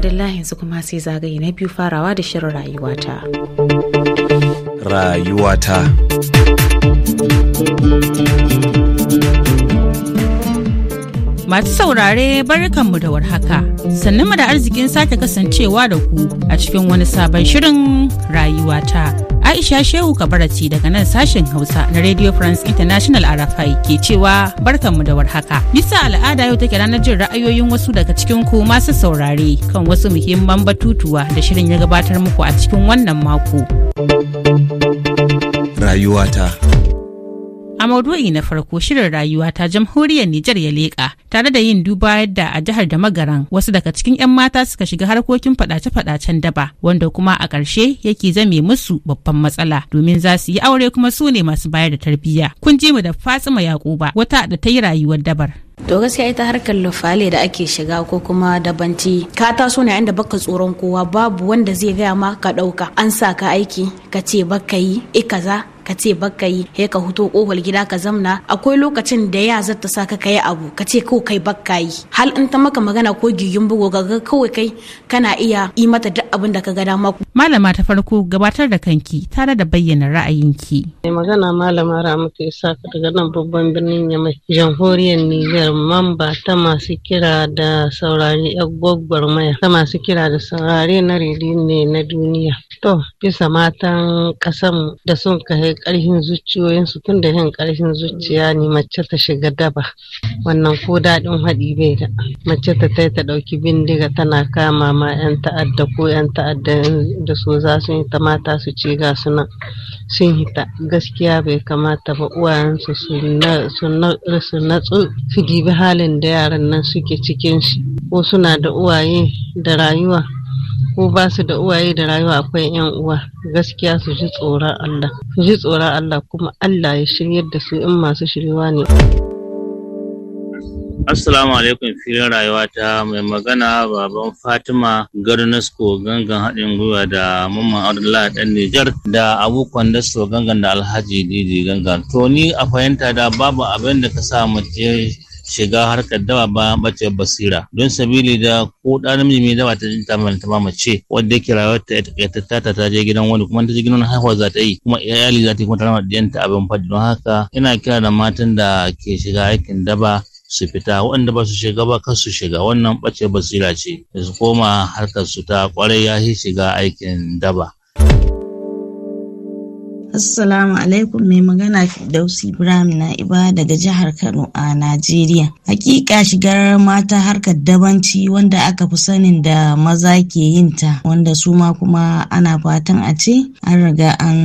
madalla yanzu kuma sai zagaye na biyu farawa da shirin rayuwata. Rayuwata. Masu saurare barkanmu da warhaka, sannan mu da arzikin sake kasancewa da ku a cikin wani sabon shirin rayuwa ta. Aisha Shehu Kabarati daga nan sashen Hausa na Radio France International Arafai ke cewa barkanmu da warhaka. Bisa al'ada yau take ranar jin ra'ayoyin wasu daga cikin ku masu saurare kan wasu muhimman batutuwa da shirin ya gabatar muku a cikin wannan mako. Rayuwata. A maudu'i na farko shirin rayuwa ta jamhuriyar Nijar ya leƙa tare da yin duba yadda a jihar da magaran wasu daga cikin 'yan mata suka shiga harkokin fadace-fadacen daba wanda kuma a ƙarshe yake zame musu babban matsala domin za su yi aure kuma su ne masu bayar da tarbiyya. Kun ji mu da Fatima Yakuba wata da ta yi rayuwar dabar. to gaskiya ita harkar lufale da ake shiga ko kuma dabanci ka taso ne inda baka tsoron kowa babu wanda zai gaya ma ka dauka an sa ka aiki ka ce baka yi i kaza ka ce baka yi he ka huto kohol gida ka zamna akwai lokacin da ya zata sa ka kai abu ka ce ko kai baka yi hal in ta maka magana ko gigin bugu ga kawai kai kana iya yi mata duk abin da ka ga dama malama ta farko gabatar da kanki tare da bayyana ra'ayinki mai magana malama ramatu isa daga nan babban birnin yamai jamhuriyar niger mamba ta masu kira da saurari maya ta masu kira da saurari na rediyo ne na duniya to bisa matan kasan da sun kai ƙarfin zuciyoyinsu tun da yin ƙarfin zuciya ne mace ta shiga daba wannan ko daɗin haɗi bai da mace ta tai ta ɗauki bindiga tana kama ma 'yan ta'adda ko 'yan ta'adda da so za su yi ta mata su ce ga suna sun hita gaskiya bai kamata ba uwayensu su natsu su dibi halin da yaran nan suke cikin shi ko suna da uwaye da rayuwa ko ba su da uwaye da rayuwa akwai yan uwa gaskiya su ji tsoron Allah su ji tsoron Allah kuma Allah ya shiryar da su in masu shiryuwa ne Assalamu alaikum filin rayuwa ta mai magana baban Fatima ko gangan haɗin gwiwa da mamman Abdullahi ɗan Nijar da Kwandas da gangan da Alhaji Didi gangan. To ni a fahimta da babu abin da ka sa mace shiga harkar dawa bayan bacewar basira don sabili da ko da namiji mai dawa ta jin ta mace wanda yake rayuwar ta ta ta je gidan wani kuma ta je gidan haihuwa za ta yi kuma iyali za ta yi kuma ta rama diyanta abin fadi don haka ina kira da matan da ke shiga aikin daba su fita waɗanda ba su shiga ba kar su shiga wannan ɓace basira ce su koma harkar su ta kwarai ya shiga aikin daba Assalamu alaikum mai magana Firdausi Ibrahim na Iba daga jihar Kano a Najeriya. Hakika shigar mata harkar dabanci wanda aka fi sanin da maza ke yin ta wanda su ma kuma ana fatan a ce an riga an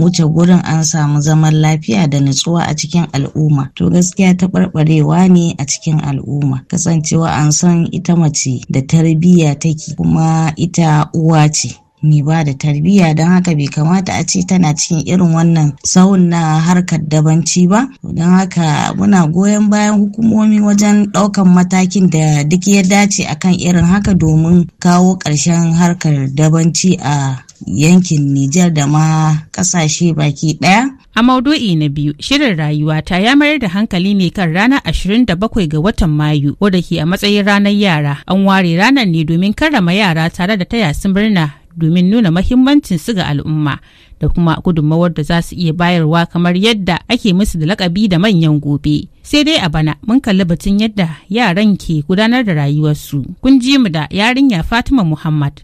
wuce gurin an samu zaman lafiya da nutsuwa a cikin al'umma. To gaskiya taɓarɓarewa ne a cikin al'umma. Kasancewa an san ita mace da tarbiyya take kuma ita uwa ce. ni ba da tarbiyya don haka bai kamata a ce tana cikin irin wannan sahun na harkar dabanci ba don haka muna goyon bayan hukumomi wajen ɗaukan matakin da duk ya dace a kan irin haka domin kawo ƙarshen harkar dabanci a yankin Nijar da ma kasashe baki ɗaya? A maudu'i na biyu, shirin rayuwa ta ya mayar da hankali ne kan ranar 27 ga watan Mayu, wadda ke a matsayin ranar yara. An ware ranar ne domin karrama yara tare da taya su birna. domin nuna mahimmancin su ga al'umma da kuma gudunmawar da za su iya bayarwa kamar yadda ake musu da lakabi da manyan gobe. Sai dai a bana mun kalli batun yadda yaran ke gudanar da rayuwarsu. Kun ji mu da yarinya Fatima Muhammad.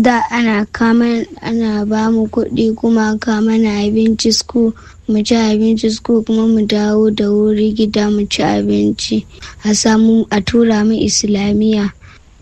da ana kama ana ba mu kuɗi kuma kama na abinci sku mu ci abinci sku kuma mu dawo da wuri gida mu ci abinci a samu a tura mu islamiyya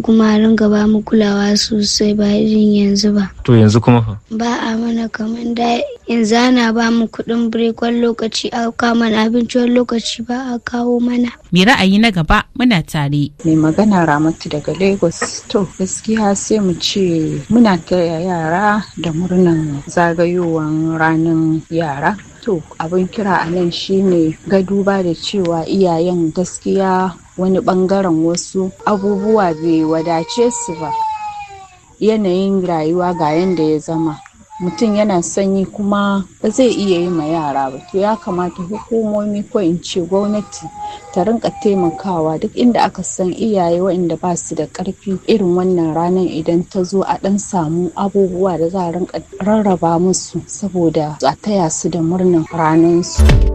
kuma a ringa ba mu kulawa sosai ba irin yanzu ba. To yanzu kuma fa? Ba a mana kamar da yanzu ana ba mu kuɗin birekon lokaci a kawo mana abinci wani lokaci ba a kawo mana. Me ra'ayi na gaba muna tare. Mai magana Ramatu daga Lagos. To gaskiya sai mu ce muna taya yara da murnan zagayowar ranar yara. To abin kira a nan shine ga duba da cewa iyayen gaskiya wani bangaren wasu abubuwa bai wadace su ba yanayin rayuwa ga yanda ya zama mutum yana sanyi kuma ba zai iya yi ma yara ba to ya kamata hukumomi ko in ce gwamnati ta rinka taimakawa duk inda aka san iyaye waɗanda ba su da ƙarfi irin wannan ranar idan ta zo a ɗan samu abubuwa da za a rinka rarraba musu saboda a taya su da murnar su.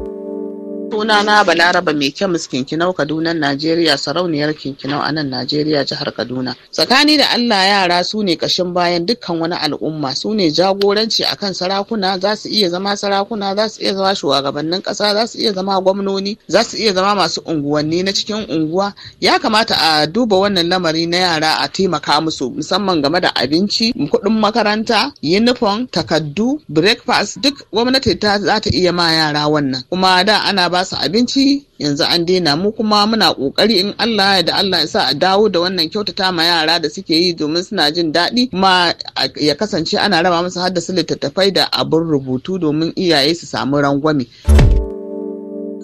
suna na balaraba mai kemis kinkinau kaduna najeriya sarauniyar kinkinau a nan najeriya jihar kaduna tsakani da allah yara su ne kashin bayan dukkan wani al'umma su ne jagoranci akan sarakuna za su iya zama sarakuna za su iya zama shugabannin kasa za su iya zama gwamnoni za su iya zama masu unguwanni na cikin unguwa ya kamata a duba wannan lamari na yara a taimaka musu musamman game da abinci kuɗin makaranta yunifom takaddu breakfast duk gwamnati ta za ta iya ma yara wannan kuma da ana ba su abinci yanzu an daina mu kuma muna kokari in Allah ya da Allah ya sa a dawo da wannan kyautata ma yara da suke yi domin suna jin daɗi kuma ya kasance ana raba musu har da su littattafai da abin rubutu domin iyaye su samu rangwame.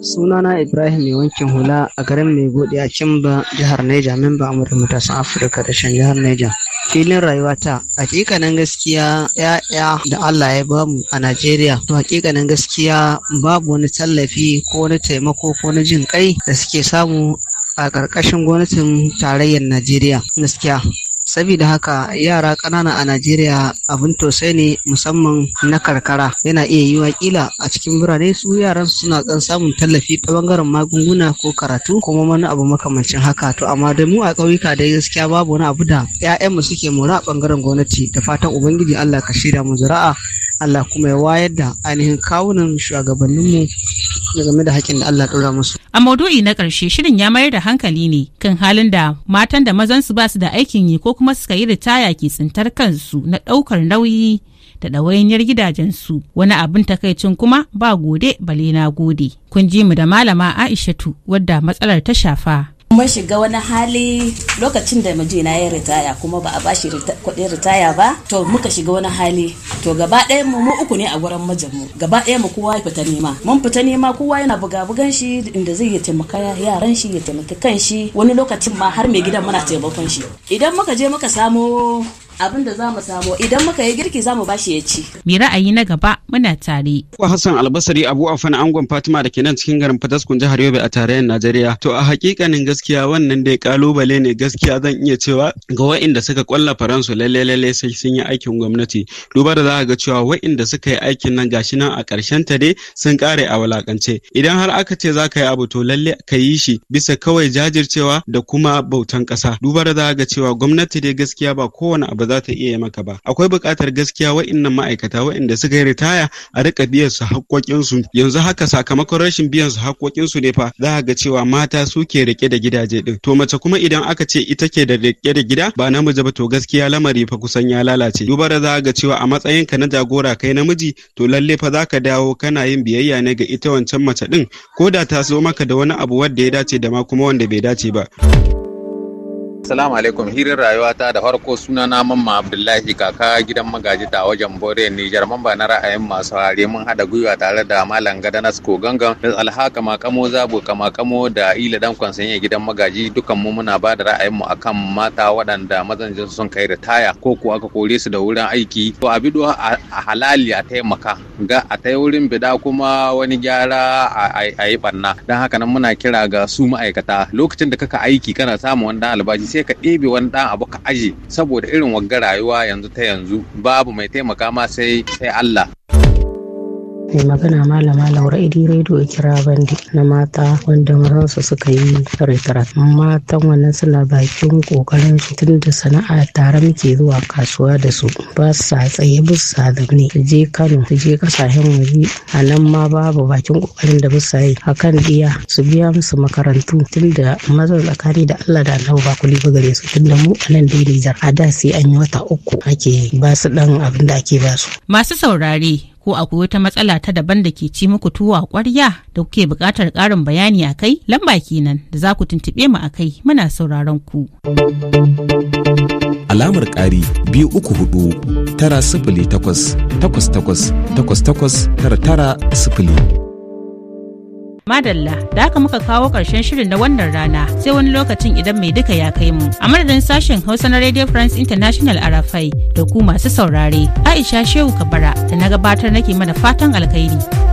sunana ibrahim mai wankin hula a garin mai gode a cimba jihar neja memba amurka matasan afirka da shan jihar neja filin rayuwata hakikanin gaskiya ya'ya da allah ya bamu a najeriya to hakikanin gaskiya babu wani tallafi ko wani taimako ko wani jin kai da suke samu a ƙarƙashin gwamnatin tarayyar najeriya gaskiya Sabida haka yara ƙanana a Najeriya abin tosai ne musamman na karkara yana iya yi kila a cikin birane su yaran suna kan samun tallafi ta bangaren magunguna ko karatu kuma wani abu makamancin haka to amma da mu a ƙauyuka da gaskiya babu wani abu da mu suke mora a bangaren gwamnati da fatan ubangiji Allah ka shirya mu zura'a Allah kuma ya wayar da ainihin kawunan shugabanninmu game da haƙƙin da Allah ɗora musu. A maudu'i na ƙarshe shirin ya mayar da hankali ne kan halin da matan da mazan su ba su da aikin yi ko kuma suka yi ritaya ke tsintar kansu na ɗaukar nauyi da ɗawainiyar gidajensu wani abin takaicin kuma ba gode bale na gode. Kun ji mu da malama Aishatu wadda matsalar ta shafa. mun shiga wani hali lokacin da mijina ya ritaya kuma ba a bashi kudin ritaya ba to muka shiga wani hali to gaba ɗaya mu mu uku ne a gurin mijin mu gaba ɗaya mu kowa ya fita nema mun fita nema kowa yana buga bugan shi inda zai ya taimaka yaran shi ya taimaki kan shi wani lokacin ma har mai gidan muna taimakon shi idan muka je muka samo abin da za mu samu idan muka yi girki za mu shi ya ci. Me ra'ayi na gaba muna tare. ko Hassan Albasari Abu Afan Angon Fatima da ke nan cikin garin Fataskun jihar Yobe a tarayyar Najeriya. To a hakikanin gaskiya wannan dai kalubale ne gaskiya zan iya cewa ga wa'inda suka kwalla faransu lalle lalle sai sun yi aikin gwamnati. Duba da za ga cewa wa'inda suka yi aikin nan gashi nan a ƙarshen ta dai sun kare a walakance. Idan har aka ce za ka yi abu to lalle ka yi shi bisa kawai jajircewa da kuma bautan ƙasa. Duba da za ga cewa gwamnati dai gaskiya ba kowane abu za ta iya maka ba akwai buƙatar gaskiya wa'innan ma'aikata wa'inda suka yi ritaya a rika biyan su haƙƙoƙinsu yanzu haka sakamakon rashin biyan su haƙƙoƙinsu ne fa za ga cewa mata su ke rike da gidaje din to mace kuma idan aka ce ita ke da rike da gida ba namiji ba to gaskiya lamari fa kusan ya lalace duba da za ga cewa a matsayin ka na jagora kai namiji to lalle fa za ka dawo kana yin biyayya ne ga ita wancan mace din ko da ta zo maka da wani abu wanda ya dace da ma kuma wanda bai dace ba. Salamu alaikum hirin rayuwa ta da farko suna na mamma Abdullahi kaka gidan magaji ta wajen Bore Nijar ba na ra'ayin masu hare mun hada gwiwa tare da Malam Gada Nasko Gangan da Alhaka Makamo Zabo kamo da Ila Dan Kwansanye gidan magaji dukan mu muna ba da ra'ayin mu akan mata waɗanda mazanjin sun kai ritaya ko ko aka kore su da wurin aiki to a bido a halali a taimaka ga a ta wurin bida kuma wani gyara a yi banna don haka nan muna kira ga su ma'aikata lokacin da kaka aiki kana samun wani dan albashi sai ka ɗebe wani dan abu ka aje saboda irin wagga rayuwa yanzu ta yanzu babu mai taimaka ma sai sai Allah Mai magana Malama Laura Idi Redo kira Bandi na mata wanda maransu suka yi retrat. Matan wannan suna bakin kokarin su tun da sana'a tare muke zuwa kasuwa da su ba sa tsaye bussa da ne je Kano su je kasashen waje a nan ma babu bakin kokarin da bussa yi kan diya su biya musu makarantu tun da mazan tsakani da Allah da Annabi ba kuli ba gare su tun da mu a nan dai Nijar a da sai an yi wata uku ake ba su dan abin da ake ba su. Masu saurare ko akwai wata matsala ta daban da ke ci muku tuwo a ƙwarya da kuke buƙatar ƙarin bayani a kai lamba kenan da za ku tuntuɓe mu a kai muna sauraron ku. Alamar ƙari biyu uku hudu tara sifili takwas takwas takwas takwas takwas tara tara sifili. Madalla, da haka muka kawo ƙarshen shirin na wannan rana sai wani lokacin idan mai duka ya kai mu. A madadin sashen Hausa na Radio France International Arafai da ku masu saurare, Aisha Shehu Kabara da na gabatar nake mana fatan alkhairi.